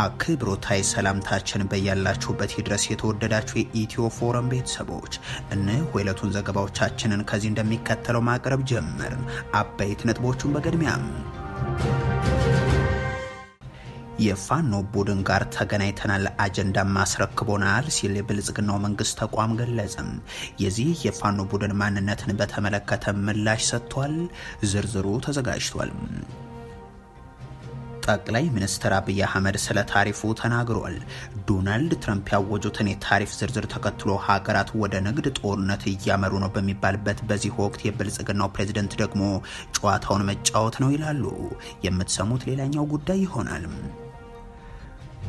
አክብሮታይ ሰላምታችን በያላችሁበት ይድረስ። የተወደዳችሁ የኢትዮ ፎረም ቤተሰቦች እነሆ የዕለቱን ዘገባዎቻችንን ከዚህ እንደሚከተለው ማቅረብ ጀመር አበይት ነጥቦቹን በቅድሚያም የፋኖ ቡድን ጋር ተገናኝተናል አጀንዳም አስረክቦናል ሲል የብልጽግናው መንግስት ተቋም ገለጸም። የዚህ የፋኖ ቡድን ማንነትን በተመለከተ ምላሽ ሰጥቷል። ዝርዝሩ ተዘጋጅቷል። ጠቅላይ ሚኒስትር አብይ አህመድ ስለ ታሪፉ ተናግሯል። ዶናልድ ትራምፕ ያወጁትን የታሪፍ ዝርዝር ተከትሎ ሀገራት ወደ ንግድ ጦርነት እያመሩ ነው በሚባልበት በዚህ ወቅት የብልጽግናው ፕሬዚደንት ደግሞ ጨዋታውን መጫወት ነው ይላሉ። የምትሰሙት ሌላኛው ጉዳይ ይሆናል።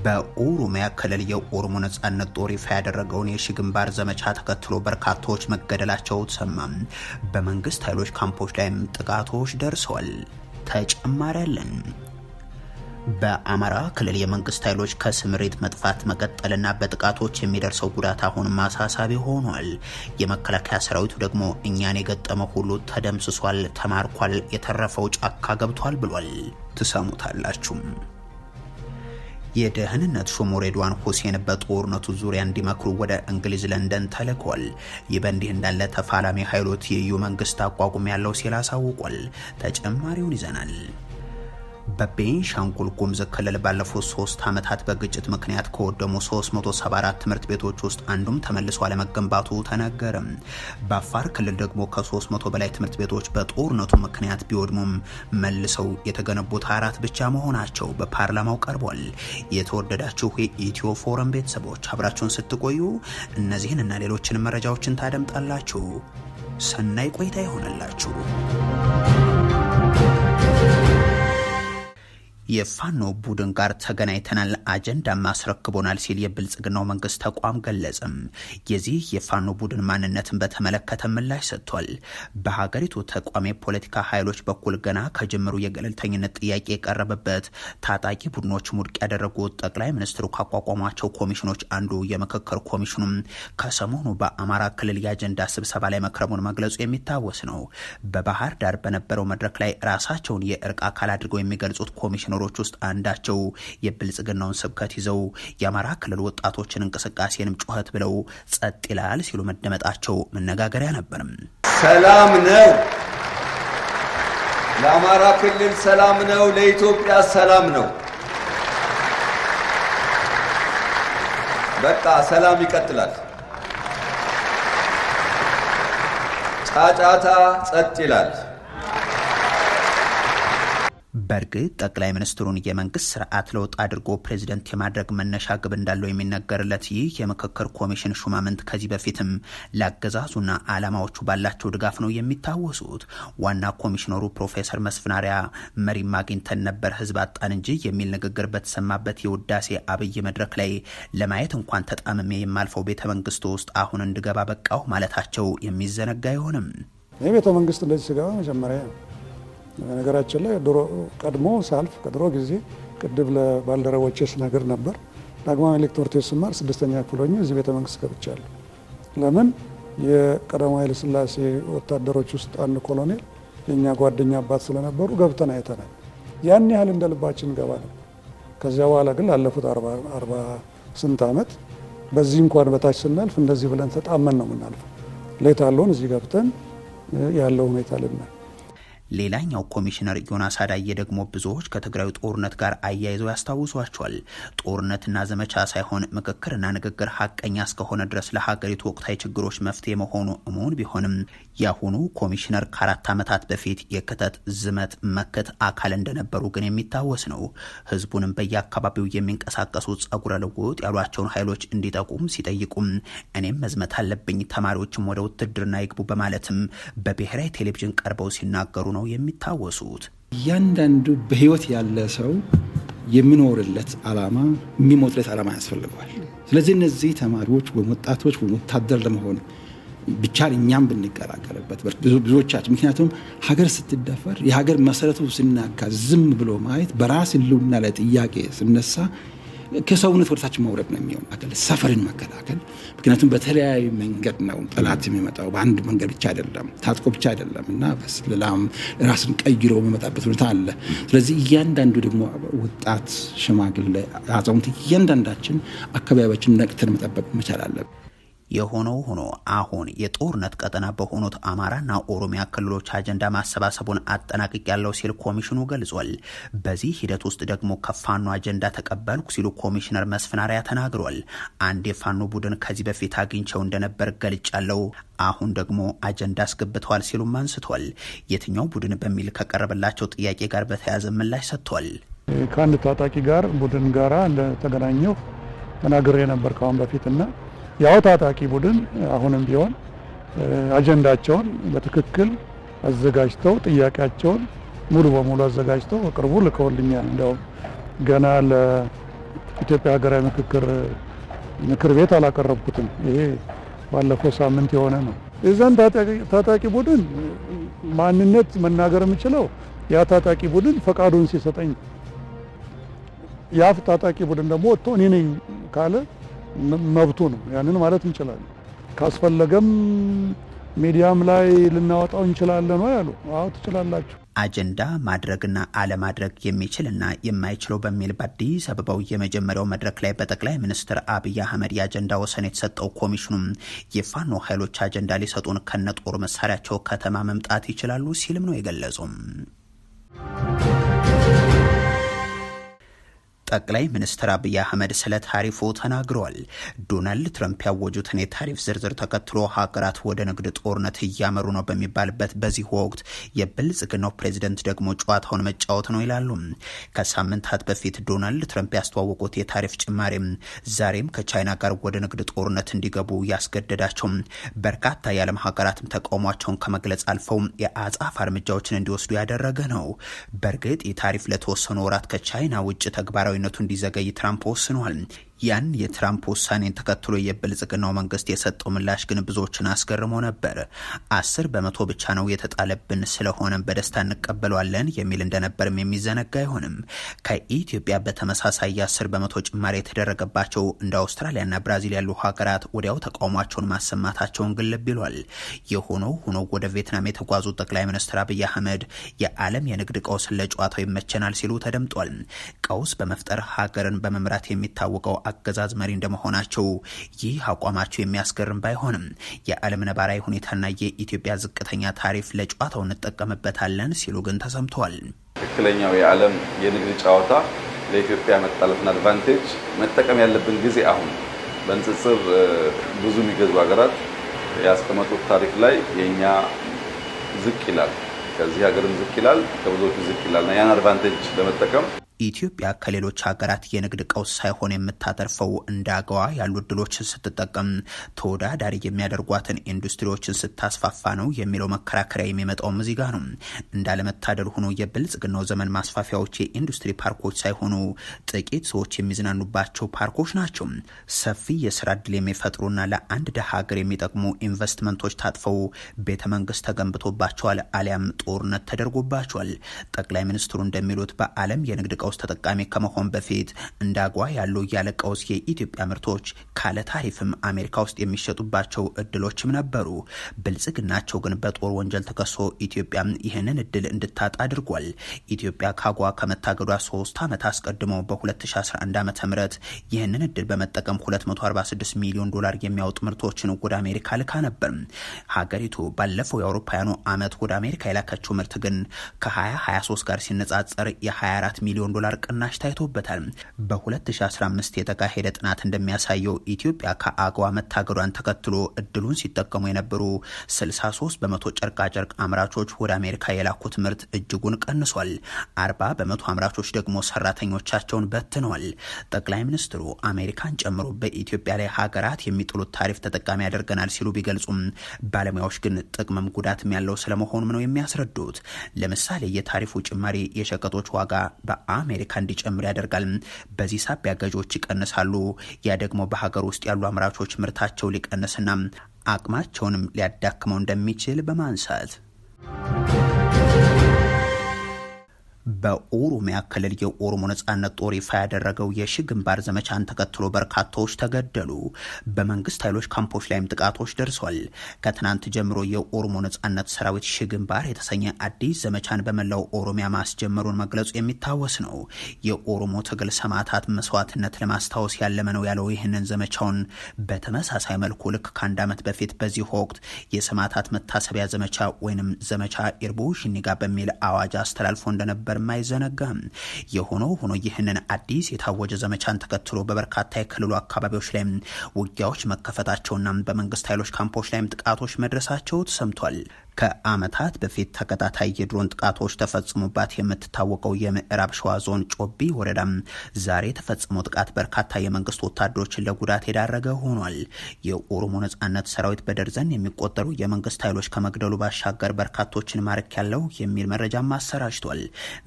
በኦሮሚያ ክልል የኦሮሞ ነጻነት ጦር ይፋ ያደረገውን የሺ ግንባር ዘመቻ ተከትሎ በርካታዎች መገደላቸው ተሰማ። በመንግስት ኃይሎች ካምፖች ላይም ጥቃቶች ደርሰዋል። ተጨማሪ አለን። በአማራ ክልል የመንግስት ኃይሎች ከስምሪት መጥፋት መቀጠልና በጥቃቶች የሚደርሰው ጉዳት አሁንም አሳሳቢ ሆኗል። የመከላከያ ሰራዊቱ ደግሞ እኛን የገጠመ ሁሉ ተደምስሷል፣ ተማርኳል፣ የተረፈው ጫካ ገብቷል ብሏል። ትሰሙታላችሁም። የደህንነት ሹሙ ሬድዋን ሁሴን በጦርነቱ ዙሪያ እንዲመክሩ ወደ እንግሊዝ ለንደን ተልኳል። ይህ በእንዲህ እንዳለ ተፋላሚ ኃይሎት የዩ መንግስት አቋቁም ያለው ሲል አሳውቋል። ተጨማሪውን ይዘናል። በቤንሻንጉል ጉምዝ ክልል ባለፉት ሶስት ዓመታት በግጭት ምክንያት ከወደሙ 374 ትምህርት ቤቶች ውስጥ አንዱም ተመልሶ አለመገንባቱ ተነገረም። በአፋር ክልል ደግሞ ከ300 በላይ ትምህርት ቤቶች በጦርነቱ ምክንያት ቢወድሙም መልሰው የተገነቡት አራት ብቻ መሆናቸው በፓርላማው ቀርቧል። የተወደዳችሁ የኢትዮ ፎረም ቤተሰቦች አብራችሁን ስትቆዩ እነዚህን እና ሌሎችን መረጃዎችን ታደምጣላችሁ። ሰናይ ቆይታ ይሆንላችሁ። የፋኖ ቡድን ጋር ተገናኝተናል፣ አጀንዳም አስረክቦናል ሲል የብልጽግናው መንግስት ተቋም ገለጽም። የዚህ የፋኖ ቡድን ማንነትን በተመለከተ ምላሽ ሰጥቷል። በሀገሪቱ ተቋሚ የፖለቲካ ኃይሎች በኩል ገና ከጀምሩ የገለልተኝነት ጥያቄ የቀረበበት ታጣቂ ቡድኖች ውድቅ ያደረጉት ጠቅላይ ሚኒስትሩ ካቋቋሟቸው ኮሚሽኖች አንዱ የምክክር ኮሚሽኑም ከሰሞኑ በአማራ ክልል የአጀንዳ ስብሰባ ላይ መክረሙን መግለጹ የሚታወስ ነው። በባህር ዳር በነበረው መድረክ ላይ ራሳቸውን የእርቅ አካል አድርገው የሚገልጹት ኮሚሽኖ ጀነሮች ውስጥ አንዳቸው የብልጽግናውን ስብከት ይዘው የአማራ ክልል ወጣቶችን እንቅስቃሴንም ጩኸት ብለው ጸጥ ይላል ሲሉ መደመጣቸው መነጋገሪያ ነበርም። ሰላም ነው ለአማራ ክልል ሰላም ነው፣ ለኢትዮጵያ ሰላም ነው። በቃ ሰላም ይቀጥላል። ጫጫታ ጸጥ ይላል። በእርግጥ ጠቅላይ ሚኒስትሩን የመንግስት ስርዓት ለውጥ አድርጎ ፕሬዚደንት የማድረግ መነሻ ግብ እንዳለው የሚነገርለት ይህ የምክክር ኮሚሽን ሹማምንት ከዚህ በፊትም ለአገዛዙና አላማዎቹ ባላቸው ድጋፍ ነው የሚታወሱት። ዋና ኮሚሽነሩ ፕሮፌሰር መስፍናሪያ መሪም አግኝተን ነበር ህዝብ አጣን እንጂ የሚል ንግግር በተሰማበት የውዳሴ አብይ መድረክ ላይ ለማየት እንኳን ተጣምሜ የማልፈው ቤተ መንግስቱ ውስጥ አሁን እንድገባ በቃሁ ማለታቸው የሚዘነጋ አይሆንም። ይህ ቤተ መንግስት እንደዚህ ስገባ መጀመሪያ ነገራችን ላይ ድሮ ቀድሞ ሳልፍ ከድሮ ጊዜ ቅድም ለባልደረቦች ስነግር ነበር። ዳግማዊ ምኒልክ ትምህርት ቤት ስማር ስድስተኛ ክፍል ሆኜ እዚህ ቤተ መንግስት ገብቻለሁ። ለምን የቀዳማዊ ኃይለ ሥላሴ ወታደሮች ውስጥ አንድ ኮሎኔል የእኛ ጓደኛ አባት ስለነበሩ ገብተን አይተናል። ያን ያህል እንደ ልባችን ገባ ነው። ከዚያ በኋላ ግን ላለፉት አርባ ስንት ዓመት በዚህ እንኳን በታች ስናልፍ እንደዚህ ብለን ተጣመን ነው የምናልፈው። ሌት አለውን እዚህ ገብተን ያለው ሁኔታ ልናል ሌላኛው ኮሚሽነር ዮናስ አዳዬ ደግሞ ብዙዎች ከትግራዩ ጦርነት ጋር አያይዘው ያስታውሷቸዋል። ጦርነትና ዘመቻ ሳይሆን ምክክርና ንግግር ሀቀኛ እስከሆነ ድረስ ለሀገሪቱ ወቅታዊ ችግሮች መፍትሄ መሆኑ እሙን ቢሆንም ያሁኑ ኮሚሽነር ከአራት ዓመታት በፊት የክተት ዝመት መከት አካል እንደነበሩ ግን የሚታወስ ነው። ህዝቡንም በየአካባቢው የሚንቀሳቀሱ ጸጉረ ልውጥ ያሏቸውን ኃይሎች እንዲጠቁም ሲጠይቁም እኔም መዝመት አለብኝ፣ ተማሪዎችም ወደ ውትድርና ይግቡ በማለትም በብሔራዊ ቴሌቪዥን ቀርበው ሲናገሩ ሆነው የሚታወሱት። እያንዳንዱ በህይወት ያለ ሰው የሚኖርለት አላማ የሚሞትለት አላማ ያስፈልገዋል። ስለዚህ እነዚህ ተማሪዎች ወይም ወጣቶች ወይም ወታደር ለመሆን ብቻ እኛም ብንቀላቀልበት ብዙዎቻችን። ምክንያቱም ሀገር ስትደፈር የሀገር መሰረቱ ስናካ ዝም ብሎ ማየት በራስ ህልውና ላይ ጥያቄ ስነሳ ከሰውነት ወደታችን መውረድ ነው የሚሆን ሰፈርን መከላከል። ምክንያቱም በተለያዩ መንገድ ነው ጠላት የሚመጣው፣ በአንድ መንገድ ብቻ አይደለም፣ ታጥቆ ብቻ አይደለም እና በስለላም ራስን ቀይሮ የሚመጣበት ሁኔታ አለ። ስለዚህ እያንዳንዱ ደግሞ ወጣት፣ ሽማግሌ፣ አዛውንት እያንዳንዳችን አካባቢያችን ነቅተን መጠበቅ መቻል አለብን። የሆነው ሆኖ አሁን የጦርነት ቀጠና በሆኑት አማራና ኦሮሚያ ክልሎች አጀንዳ ማሰባሰቡን አጠናቅቅ ያለው ሲል ኮሚሽኑ ገልጿል። በዚህ ሂደት ውስጥ ደግሞ ከፋኖ አጀንዳ ተቀበልኩ ሲሉ ኮሚሽነር መስፍናሪያ ተናግሯል። አንድ የፋኖ ቡድን ከዚህ በፊት አግኝቸው እንደነበር ገልጫለው፣ አሁን ደግሞ አጀንዳ አስገብተዋል ሲሉም አንስቷል። የትኛው ቡድን በሚል ከቀረበላቸው ጥያቄ ጋር በተያያዘ ምላሽ ሰጥቷል። ከአንድ ታጣቂ ጋር ቡድን ጋራ እንደተገናኘሁ ተናግሬ ነበር ከአሁን በፊት ያው ታጣቂ ቡድን አሁንም ቢሆን አጀንዳቸውን በትክክል አዘጋጅተው ጥያቄያቸውን ሙሉ በሙሉ አዘጋጅተው በቅርቡ ልከውልኛል። እንዲያውም ገና ለኢትዮጵያ ሀገራዊ ምክክር ምክር ቤት አላቀረብኩትም። ይሄ ባለፈው ሳምንት የሆነ ነው። እዛን ታጣቂ ቡድን ማንነት መናገር የምችለው ያ ታጣቂ ቡድን ፈቃዱን ሲሰጠኝ፣ ያ ታጣቂ ቡድን ደግሞ ወጥቶ እኔ ነኝ ካለ መብቱ ነው። ያንን ማለት እንችላለን። ካስፈለገም ሚዲያም ላይ ልናወጣው እንችላለን ወይ አሉ። አዎ ትችላላችሁ። አጀንዳ ማድረግና አለማድረግ የሚችልና የማይችለው በሚል በአዲስ አበባው የመጀመሪያው መድረክ ላይ በጠቅላይ ሚኒስትር አብይ አህመድ የአጀንዳ ወሰን የተሰጠው ኮሚሽኑም የፋኖ ኃይሎች አጀንዳ ሊሰጡን ከነጦር መሳሪያቸው ከተማ መምጣት ይችላሉ ሲልም ነው የገለጹም። ጠቅላይ ሚኒስትር አብይ አህመድ ስለ ታሪፉ ተናግረዋል። ዶናልድ ትረምፕ ያወጁትን የታሪፍ ዝርዝር ተከትሎ ሀገራት ወደ ንግድ ጦርነት እያመሩ ነው በሚባልበት በዚህ ወቅት የብልጽግናው ፕሬዚደንት ደግሞ ጨዋታውን መጫወት ነው ይላሉ። ከሳምንታት በፊት ዶናልድ ትረምፕ ያስተዋወቁት የታሪፍ ጭማሪም ዛሬም ከቻይና ጋር ወደ ንግድ ጦርነት እንዲገቡ ያስገደዳቸው በርካታ የዓለም ሀገራትም ተቃውሟቸውን ከመግለጽ አልፈው የአጻፍ እርምጃዎችን እንዲወስዱ ያደረገ ነው። በእርግጥ የታሪፍ ለተወሰኑ ወራት ከቻይና ውጭ ተግባራዊ ተግባራዊነቱ እንዲዘገይ ትራምፕ ወስኗል። ያን የትራምፕ ውሳኔን ተከትሎ የብልጽግናው መንግስት የሰጠው ምላሽ ግን ብዙዎችን አስገርሞ ነበር። አስር በመቶ ብቻ ነው የተጣለብን፣ ስለሆነም በደስታ እንቀበለዋለን የሚል እንደነበርም የሚዘነጋ አይሆንም። ከኢትዮጵያ በተመሳሳይ የአስር በመቶ ጭማሪ የተደረገባቸው እንደ አውስትራሊያና ብራዚል ያሉ ሀገራት ወዲያው ተቃውሟቸውን ማሰማታቸውን ግልብ ይሏል። የሆኖ ሆኖ ወደ ቬትናም የተጓዙ ጠቅላይ ሚኒስትር አብይ አህመድ የዓለም የንግድ ቀውስን ለጨዋታው ይመቸናል ሲሉ ተደምጧል። ቀውስ በመፍጠር ሀገርን በመምራት የሚታወቀው አገዛዝ መሪ እንደመሆናቸው ይህ አቋማቸው የሚያስገርም ባይሆንም የዓለም ነባራዊ ሁኔታና የኢትዮጵያ ዝቅተኛ ታሪፍ ለጨዋታው እንጠቀምበታለን ሲሉ ግን ተሰምተዋል። ትክክለኛው የዓለም የንግድ ጨዋታ ለኢትዮጵያ መጣለትን አድቫንቴጅ መጠቀም ያለብን ጊዜ አሁን በንጽጽር ብዙ የሚገዙ ሀገራት ያስቀመጡት ታሪፍ ላይ የእኛ ዝቅ ይላል። ከዚህ ሀገርም ዝቅ ይላል፣ ከብዙዎቹ ዝቅ ይላል እና ያን አድቫንቴጅ ለመጠቀም ኢትዮጵያ ከሌሎች ሀገራት የንግድ ቀውስ ሳይሆን የምታተርፈው እንደ አገዋ ያሉ እድሎችን ስትጠቀም ተወዳዳሪ የሚያደርጓትን ኢንዱስትሪዎችን ስታስፋፋ ነው የሚለው መከራከሪያ የሚመጣውም እዚህ ጋር ነው። እንዳለመታደል ሆኖ የብልጽግናው ዘመን ማስፋፊያዎች የኢንዱስትሪ ፓርኮች ሳይሆኑ ጥቂት ሰዎች የሚዝናኑባቸው ፓርኮች ናቸው። ሰፊ የስራ እድል የሚፈጥሩና ለአንድ ደሃ ሀገር የሚጠቅሙ ኢንቨስትመንቶች ታጥፈው ቤተ መንግስት ተገንብቶባቸዋል፣ አሊያም ጦርነት ተደርጎባቸዋል። ጠቅላይ ሚኒስትሩ እንደሚሉት በዓለም የንግድ ቀውስ ተጠቃሚ ከመሆን በፊት እንደ አጓ ያሉ ያለ ቀውስ የኢትዮጵያ ምርቶች ካለ ታሪፍም አሜሪካ ውስጥ የሚሸጡባቸው እድሎችም ነበሩ። ብልጽግናቸው ግን በጦር ወንጀል ተከሶ ኢትዮጵያ ይህንን እድል እንድታጣ አድርጓል። ኢትዮጵያ ከአጓ ከመታገዷ ሶስት ዓመት አስቀድሞ በ2011 ዓ ም ይህንን እድል በመጠቀም 246 ሚሊዮን ዶላር የሚያወጡ ምርቶችን ወደ አሜሪካ ልካ ነበር። ሀገሪቱ ባለፈው የአውሮፓውያኑ ዓመት ወደ አሜሪካ የላከችው ምርት ግን ከ2023 ጋር ሲነጻጸር የ24 ሚሊዮን ዶላር ቅናሽ ታይቶበታል። በ2015 የተካሄደ ጥናት እንደሚያሳየው ኢትዮጵያ ከአግዋ መታገዷን ተከትሎ እድሉን ሲጠቀሙ የነበሩ 63 በመቶ ጨርቃጨርቅ አምራቾች ወደ አሜሪካ የላኩት ምርት እጅጉን ቀንሷል። 40 በመቶ አምራቾች ደግሞ ሰራተኞቻቸውን በትነዋል። ጠቅላይ ሚኒስትሩ አሜሪካን ጨምሮ በኢትዮጵያ ላይ ሀገራት የሚጥሉት ታሪፍ ተጠቃሚ ያደርገናል ሲሉ ቢገልጹም ባለሙያዎች ግን ጥቅምም ጉዳትም ያለው ስለመሆኑም ነው የሚያስረዱት። ለምሳሌ የታሪፉ ጭማሪ የሸቀጦች ዋጋ በአ አሜሪካ እንዲጨምር ያደርጋል። በዚህ ሳቢያ ገዢዎች ይቀንሳሉ። ያ ደግሞ በሀገር ውስጥ ያሉ አምራቾች ምርታቸው ሊቀንስና አቅማቸውንም ሊያዳክመው እንደሚችል በማንሳት በኦሮሚያ ክልል የኦሮሞ ነጻነት ጦር ይፋ ያደረገው የሺ ግንባር ዘመቻን ተከትሎ በርካታዎች ተገደሉ። በመንግስት ኃይሎች ካምፖች ላይም ጥቃቶች ደርሷል። ከትናንት ጀምሮ የኦሮሞ ነጻነት ሰራዊት ሺ ግንባር የተሰኘ አዲስ ዘመቻን በመላው ኦሮሚያ ማስጀመሩን መግለጹ የሚታወስ ነው። የኦሮሞ ትግል ሰማዕታት መስዋዕትነት ለማስታወስ ያለመ ነው ያለው ይህንን ዘመቻውን በተመሳሳይ መልኩ ልክ ከአንድ ዓመት በፊት በዚህ ወቅት የሰማዕታት መታሰቢያ ዘመቻ ወይንም ዘመቻ ኢርቦ ሽኒጋ በሚል አዋጅ አስተላልፎ እንደነበረ እንደነበርም አይዘነጋም። የሆኖ ሆኖ ይህንን አዲስ የታወጀ ዘመቻን ተከትሎ በበርካታ የክልሉ አካባቢዎች ላይ ውጊያዎች መከፈታቸውና በመንግስት ኃይሎች ካምፖች ላይም ጥቃቶች መድረሳቸው ተሰምቷል። ከዓመታት በፊት ተከታታይ የድሮን ጥቃቶች ተፈጽሞባት የምትታወቀው የምዕራብ ሸዋ ዞን ጮቢ ወረዳም ዛሬ የተፈጸመው ጥቃት በርካታ የመንግስት ወታደሮችን ለጉዳት የዳረገ ሆኗል። የኦሮሞ ነጻነት ሰራዊት በደርዘን የሚቆጠሩ የመንግስት ኃይሎች ከመግደሉ ባሻገር በርካቶችን ማረክ ያለው የሚል መረጃም አሰራጅቷል።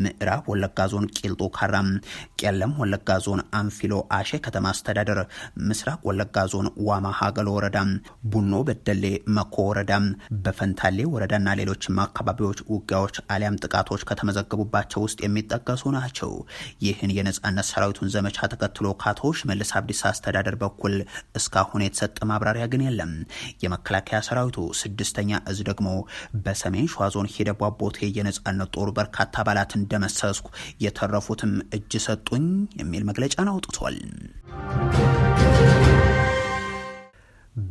ምዕራብ ወለጋ ዞን ቂልጦ ካራም፣ ቄለም ወለጋ ዞን አንፊሎ አሼ ከተማ አስተዳደር፣ ምስራቅ ወለጋ ዞን ዋማ ሀገሎ ወረዳ፣ ቡኖ በደሌ መኮ ወረዳም፣ በፈንታሌ ወረዳና ሌሎችም አካባቢዎች ውጊያዎች አሊያም ጥቃቶች ከተመዘገቡባቸው ውስጥ የሚጠቀሱ ናቸው። ይህን የነጻነት ሰራዊቱን ዘመቻ ተከትሎ ከአቶ ሽመልስ አብዲሳ አስተዳደር በኩል እስካሁን የተሰጠ ማብራሪያ ግን የለም። የመከላከያ ሰራዊቱ ስድስተኛ እዝ ደግሞ በሰሜን ሸዋ ዞን ሂደቡ አቦቴ የነጻነት ጦሩ በርካታ አባላት እንደመሰስኩ የተረፉትም እጅ ሰጡኝ የሚል መግለጫን አውጥቷል።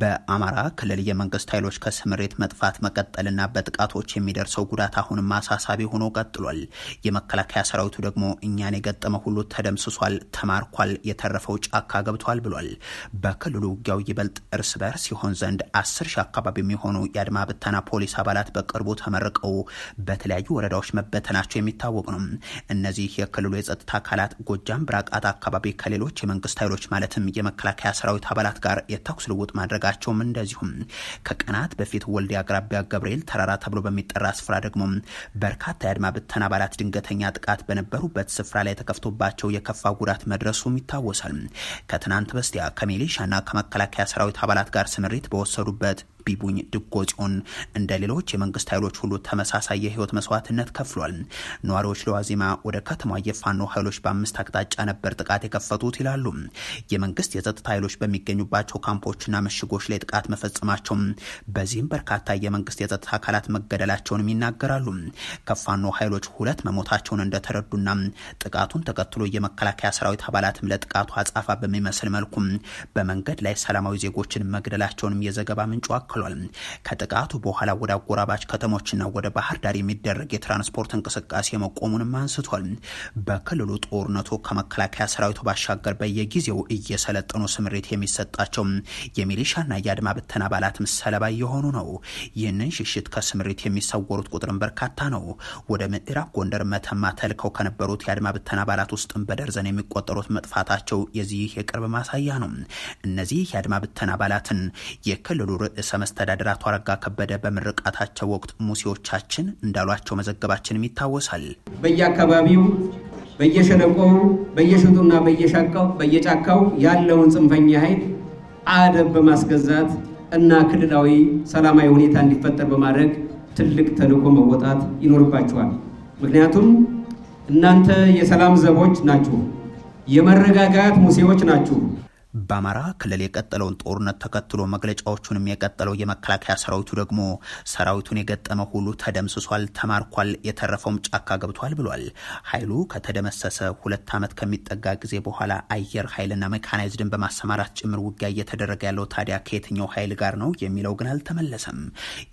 በአማራ ክልል የመንግስት ኃይሎች ከስምሬት መጥፋት መቀጠልና በጥቃቶች የሚደርሰው ጉዳት አሁንም አሳሳቢ ሆኖ ቀጥሏል። የመከላከያ ሰራዊቱ ደግሞ እኛን የገጠመ ሁሉ ተደምስሷል፣ ተማርኳል፣ የተረፈው ጫካ ገብቷል ብሏል። በክልሉ ውጊያው ይበልጥ እርስ በርስ ሲሆን ዘንድ አስር ሺህ አካባቢ የሚሆኑ የአድማ ብተና ፖሊስ አባላት በቅርቡ ተመርቀው በተለያዩ ወረዳዎች መበተናቸው የሚታወቅ ነው። እነዚህ የክልሉ የጸጥታ አካላት ጎጃም ብራቃት አካባቢ ከሌሎች የመንግስት ኃይሎች ማለትም የመከላከያ ሰራዊት አባላት ጋር የተኩስ ልውጥ ማድረጋል ማድረጋቸውም እንደዚሁም ከቀናት በፊት ወልዲ አቅራቢያ ገብርኤል ተራራ ተብሎ በሚጠራ ስፍራ ደግሞ በርካታ የአድማ ብተን አባላት ድንገተኛ ጥቃት በነበሩበት ስፍራ ላይ ተከፍቶባቸው የከፋ ጉዳት መድረሱም ይታወሳል። ከትናንት በስቲያ ከሚሊሻና ከመከላከያ ሰራዊት አባላት ጋር ስምሪት በወሰዱበት ቢቡኝ ድጎ ጽዮን እንደ ሌሎች የመንግስት ኃይሎች ሁሉ ተመሳሳይ የህይወት መስዋዕትነት ከፍሏል። ነዋሪዎች ለዋዜማ ወደ ከተማ የፋኖ ኃይሎች በአምስት አቅጣጫ ነበር ጥቃት የከፈቱት ይላሉ። የመንግስት የጸጥታ ኃይሎች በሚገኙባቸው ካምፖችና ምሽጎች ላይ ጥቃት መፈጸማቸው፣ በዚህም በርካታ የመንግስት የጸጥታ አካላት መገደላቸውንም ይናገራሉ። ከፋኖ ኃይሎች ሁለት መሞታቸውን እንደተረዱና ጥቃቱን ተከትሎ የመከላከያ ሰራዊት አባላትም ለጥቃቱ አጻፋ በሚመስል መልኩም በመንገድ ላይ ሰላማዊ ዜጎችን መግደላቸውንም የዘገባ ምንጩ አክሏል። ከጥቃቱ በኋላ ወደ አጎራባች ከተሞችና ወደ ባህር ዳር የሚደረግ የትራንስፖርት እንቅስቃሴ መቆሙንም አንስቷል። በክልሉ ጦርነቱ ከመከላከያ ሰራዊቱ ባሻገር በየጊዜው እየሰለጠኑ ስምሪት የሚሰጣቸው የሚሊሻና የአድማ ብተን አባላትም ሰለባ እየሆኑ ነው። ይህንን ሽሽት ከስምሪት የሚሰወሩት ቁጥርም በርካታ ነው። ወደ ምዕራብ ጎንደር መተማ ተልከው ከነበሩት የአድማ ብተን አባላት ውስጥም በደርዘን የሚቆጠሩት መጥፋታቸው የዚህ የቅርብ ማሳያ ነው። እነዚህ የአድማ ብተን አባላትን የክልሉ ርዕሰ መስተዳደር አቶ አረጋ ከበደ በምርቃታቸው ወቅት ሙሴዎቻችን እንዳሏቸው መዘገባችንም ይታወሳል። በየአካባቢው በየሸለቆው፣ በየሽጡና በየሻቃው በየጫካው ያለውን ጽንፈኛ ኃይል አደብ በማስገዛት እና ክልላዊ ሰላማዊ ሁኔታ እንዲፈጠር በማድረግ ትልቅ ተልዕኮ መወጣት ይኖርባቸዋል። ምክንያቱም እናንተ የሰላም ዘቦች ናችሁ፣ የመረጋጋት ሙሴዎች ናችሁ። በአማራ ክልል የቀጠለውን ጦርነት ተከትሎ መግለጫዎቹንም የቀጠለው የመከላከያ ሰራዊቱ ደግሞ ሰራዊቱን የገጠመ ሁሉ ተደምስሷል፣ ተማርኳል፣ የተረፈውም ጫካ ገብቷል ብሏል። ኃይሉ ከተደመሰሰ ሁለት ዓመት ከሚጠጋ ጊዜ በኋላ አየር ኃይልና ሜካናይዝድን በማሰማራት ጭምር ውጊያ እየተደረገ ያለው ታዲያ ከየትኛው ኃይል ጋር ነው የሚለው ግን አልተመለሰም።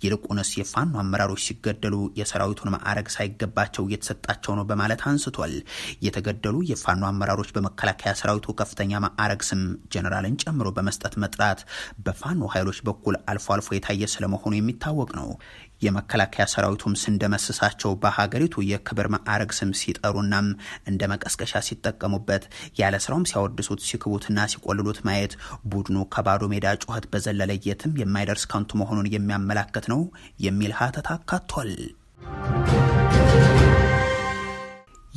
ይልቁንስ የፋኖ አመራሮች ሲገደሉ የሰራዊቱን ማዕረግ ሳይገባቸው እየተሰጣቸው ነው በማለት አንስቷል። የተገደሉ የፋኖ አመራሮች በመከላከያ ሰራዊቱ ከፍተኛ ማዕረግ ስም ጀነራልን ጨምሮ በመስጠት መጥራት በፋኖ ኃይሎች በኩል አልፎ አልፎ የታየ ስለመሆኑ የሚታወቅ ነው። የመከላከያ ሰራዊቱም ስንደመስሳቸው በሀገሪቱ የክብር ማዕረግ ስም ሲጠሩናም እንደ መቀስቀሻ ሲጠቀሙበት ያለ ስራውም ሲያወድሱት ሲክቡትና ሲቆልሉት ማየት ቡድኑ ከባዶ ሜዳ ጩኸት በዘለለ የትም የማይደርስ ከንቱ መሆኑን የሚያመላክት ነው የሚል ሀተታ አካቷል።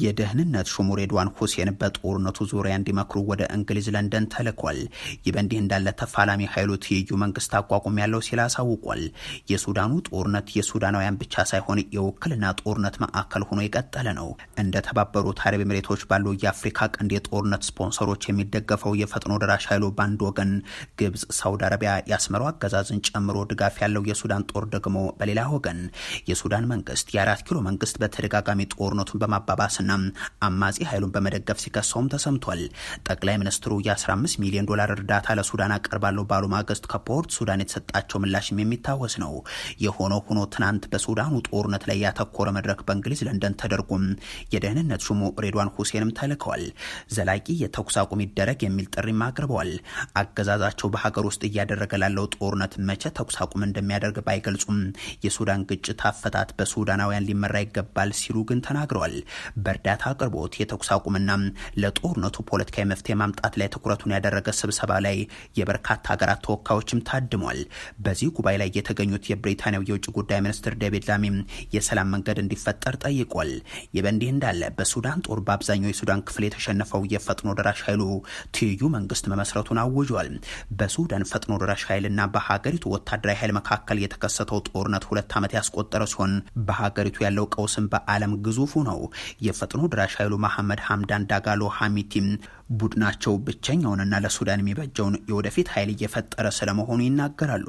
የደህንነት ሹሙ ሬድዋን ሁሴን በጦርነቱ ዙሪያ እንዲመክሩ ወደ እንግሊዝ ለንደን ተልኳል። ይህ በእንዲህ እንዳለ ተፋላሚ ኃይሉ ትይዩ መንግስት አቋቁም ያለው ሲል አሳውቋል። የሱዳኑ ጦርነት የሱዳናውያን ብቻ ሳይሆን የውክልና ጦርነት ማዕከል ሆኖ የቀጠለ ነው። እንደ ተባበሩት አረብ ኤምሬቶች ባሉ የአፍሪካ ቀንድ የጦርነት ስፖንሰሮች የሚደገፈው የፈጥኖ ደራሽ ኃይሉ ባንድ ወገን፣ ግብጽ፣ ሳውዲ አረቢያ፣ የአስመራው አገዛዝን ጨምሮ ድጋፍ ያለው የሱዳን ጦር ደግሞ በሌላ ወገን የሱዳን መንግስት የአራት ኪሎ መንግስት በተደጋጋሚ ጦርነቱን በማባባስና ነበርና አማጺ ኃይሉን በመደገፍ ሲከሰውም ተሰምቷል። ጠቅላይ ሚኒስትሩ የ15 ሚሊዮን ዶላር እርዳታ ለሱዳን አቀርባለሁ ባሉ ማግስት ከፖርት ሱዳን የተሰጣቸው ምላሽም የሚታወስ ነው። የሆነ ሆኖ ትናንት በሱዳኑ ጦርነት ላይ ያተኮረ መድረክ በእንግሊዝ ለንደን ተደርጎም የደህንነት ሹሙ ሬድዋን ሁሴንም ተልከዋል። ዘላቂ የተኩስ አቁም ይደረግ የሚል ጥሪም አቅርበዋል። አገዛዛቸው በሀገር ውስጥ እያደረገ ላለው ጦርነት መቼ ተኩስ አቁም እንደሚያደርግ ባይገልጹም የሱዳን ግጭት አፈታት በሱዳናውያን ሊመራ ይገባል ሲሉ ግን ተናግረዋል። በእርዳታ አቅርቦት፣ የተኩስ አቁምና ለጦርነቱ ፖለቲካዊ መፍትሄ ማምጣት ላይ ትኩረቱን ያደረገ ስብሰባ ላይ የበርካታ ሀገራት ተወካዮችም ታድሟል። በዚህ ጉባኤ ላይ የተገኙት የብሪታንያው የውጭ ጉዳይ ሚኒስትር ዴቪድ ላሚም የሰላም መንገድ እንዲፈጠር ጠይቋል። ይህ በእንዲህ እንዳለ በሱዳን ጦር በአብዛኛው የሱዳን ክፍል የተሸነፈው የፈጥኖ ደራሽ ኃይሉ ትይዩ መንግስት መመስረቱን አውጇል። በሱዳን ፈጥኖ ደራሽ ኃይልና በሀገሪቱ ወታደራዊ ኃይል መካከል የተከሰተው ጦርነት ሁለት ዓመት ያስቆጠረ ሲሆን በሀገሪቱ ያለው ቀውስም በዓለም ግዙፉ ነው። ፈጥኖ ድራሽ ኃይሉ መሐመድ ሐምዳን ዳጋሎ ሐሚቲም ቡድናቸው ብቸኛውንና ለሱዳን የሚበጀውን የወደፊት ኃይል እየፈጠረ ስለመሆኑ ይናገራሉ።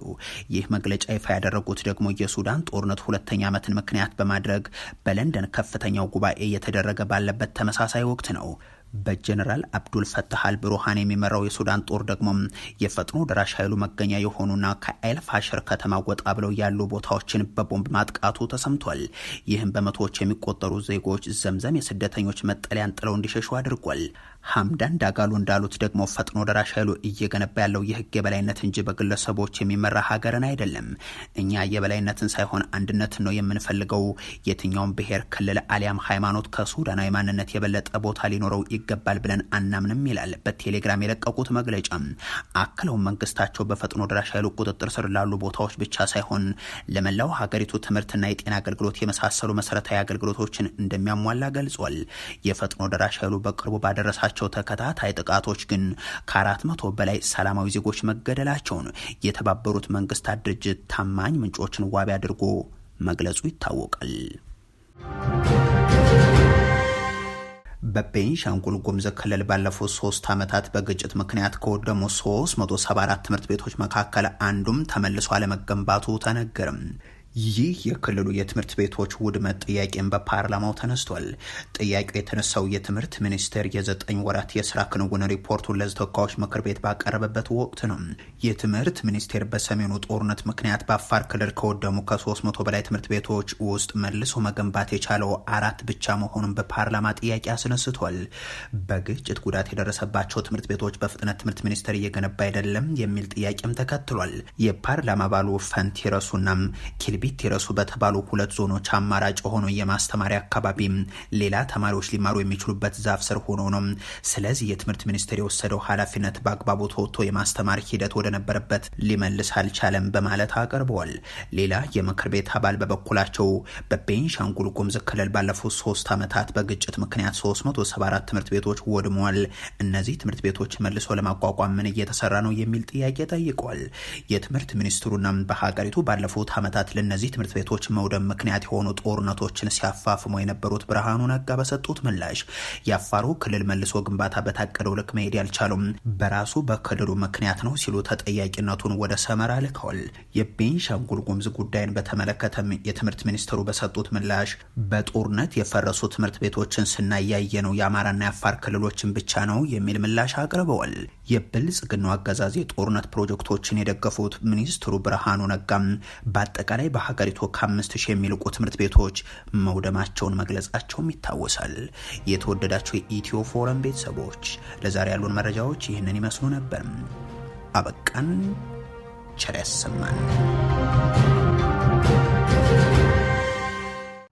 ይህ መግለጫ ይፋ ያደረጉት ደግሞ የሱዳን ጦርነት ሁለተኛ ዓመትን ምክንያት በማድረግ በለንደን ከፍተኛው ጉባኤ እየተደረገ ባለበት ተመሳሳይ ወቅት ነው። በጀነራል አብዱል ፈታህ አል ብሩሃን የሚመራው የሱዳን ጦር ደግሞ የፈጥኖ ደራሽ ኃይሉ መገኛ የሆኑና ከአይል ከተማ ወጣ ብለው ያሉ ቦታዎችን በቦምብ ማጥቃቱ ተሰምቷል። ይህም በመቶዎች የሚቆጠሩ ዜጎች ዘምዘም የስደተኞች መጠለያን ጥለው እንዲሸሹ አድርጓል። ሀምዳን አንድ አጋሉ እንዳሉት ደግሞ ፈጥኖ ደራሽ ኃይሉ እየገነባ ያለው የህግ የበላይነት እንጂ በግለሰቦች የሚመራ ሀገርን አይደለም። እኛ የበላይነትን ሳይሆን አንድነትን ነው የምንፈልገው። የትኛውም ብሔር፣ ክልል አሊያም ሃይማኖት ከሱዳናዊ ማንነት የበለጠ ቦታ ሊኖረው ይገባል ብለን አናምንም ይላል በቴሌግራም የለቀቁት መግለጫ። አክለውም መንግስታቸው በፈጥኖ ደራሽ ኃይሉ ቁጥጥር ስር ላሉ ቦታዎች ብቻ ሳይሆን ለመላው ሀገሪቱ ትምህርትና የጤና አገልግሎት የመሳሰሉ መሰረታዊ አገልግሎቶችን እንደሚያሟላ ገልጿል። የፈጥኖ ደራሽ ኃይሉ በቅርቡ ባደረሳቸው ተከ ተከታታይ ጥቃቶች ግን ከአራት መቶ በላይ ሰላማዊ ዜጎች መገደላቸውን የተባበሩት መንግስታት ድርጅት ታማኝ ምንጮችን ዋቢ አድርጎ መግለጹ ይታወቃል። በቤንሻንጉል ጉሙዝ ክልል ባለፉት ሶስት ዓመታት በግጭት ምክንያት ከወደሙ 374 ትምህርት ቤቶች መካከል አንዱም ተመልሶ አለመገንባቱ ተነገርም። ይህ የክልሉ የትምህርት ቤቶች ውድመት ጥያቄን በፓርላማው ተነስቷል። ጥያቄው የተነሳው የትምህርት ሚኒስቴር የዘጠኝ ወራት የስራ ክንውን ሪፖርቱን ለተወካዮች ምክር ቤት ባቀረበበት ወቅት ነው። የትምህርት ሚኒስቴር በሰሜኑ ጦርነት ምክንያት በአፋር ክልል ከወደሙ ከ300 በላይ ትምህርት ቤቶች ውስጥ መልሶ መገንባት የቻለው አራት ብቻ መሆኑን በፓርላማ ጥያቄ አስነስቷል። በግጭት ጉዳት የደረሰባቸው ትምህርት ቤቶች በፍጥነት ትምህርት ሚኒስቴር እየገነባ አይደለም የሚል ጥያቄም ተከትሏል። የፓርላማ አባሉ ፈንቲ ረሱናም ቢቲረሱ በተባሉ ሁለት ዞኖች አማራጭ ሆኖ የማስተማሪያ አካባቢ ሌላ ተማሪዎች ሊማሩ የሚችሉበት ዛፍ ስር ሆኖ ነው። ስለዚህ የትምህርት ሚኒስቴር የወሰደው ኃላፊነት በአግባቡ ተወጥቶ የማስተማር ሂደት ወደነበረበት ሊመልስ አልቻለም በማለት አቅርበዋል። ሌላ የምክር ቤት አባል በበኩላቸው በቤንሻንጉል ጉሙዝ ክልል ባለፉት ሶስት ዓመታት በግጭት ምክንያት 374 ትምህርት ቤቶች ወድመዋል። እነዚህ ትምህርት ቤቶች መልሶ ለማቋቋም ምን እየተሰራ ነው የሚል ጥያቄ ጠይቋል። የትምህርት ሚኒስትሩና በሀገሪቱ ባለፉት ዓመታት ልን እነዚህ ትምህርት ቤቶች መውደም ምክንያት የሆኑ ጦርነቶችን ሲያፋፍሙ የነበሩት ብርሃኑ ነጋ በሰጡት ምላሽ የአፋሩ ክልል መልሶ ግንባታ በታቀደው ልክ መሄድ ያልቻሉም በራሱ በክልሉ ምክንያት ነው ሲሉ ተጠያቂነቱን ወደ ሰመራ ልከዋል። የቤንሻንጉል ጉምዝ ጉዳይን በተመለከተም የትምህርት ሚኒስትሩ በሰጡት ምላሽ በጦርነት የፈረሱ ትምህርት ቤቶችን ስናያየ ነው የአማራና የአፋር ክልሎችን ብቻ ነው የሚል ምላሽ አቅርበዋል። የብልጽግናው አገዛዝ የጦርነት ፕሮጀክቶችን የደገፉት ሚኒስትሩ ብርሃኑ ነጋም በአጠቃላይ በ በሀገሪቱ ከአምስት ሺህ የሚልቁ ትምህርት ቤቶች መውደማቸውን መግለጻቸውም ይታወሳል። የተወደዳቸው የኢትዮ ፎረም ቤተሰቦች ለዛሬ ያሉን መረጃዎች ይህንን ይመስሉ ነበር። አበቃን። ቸር ያሰማን።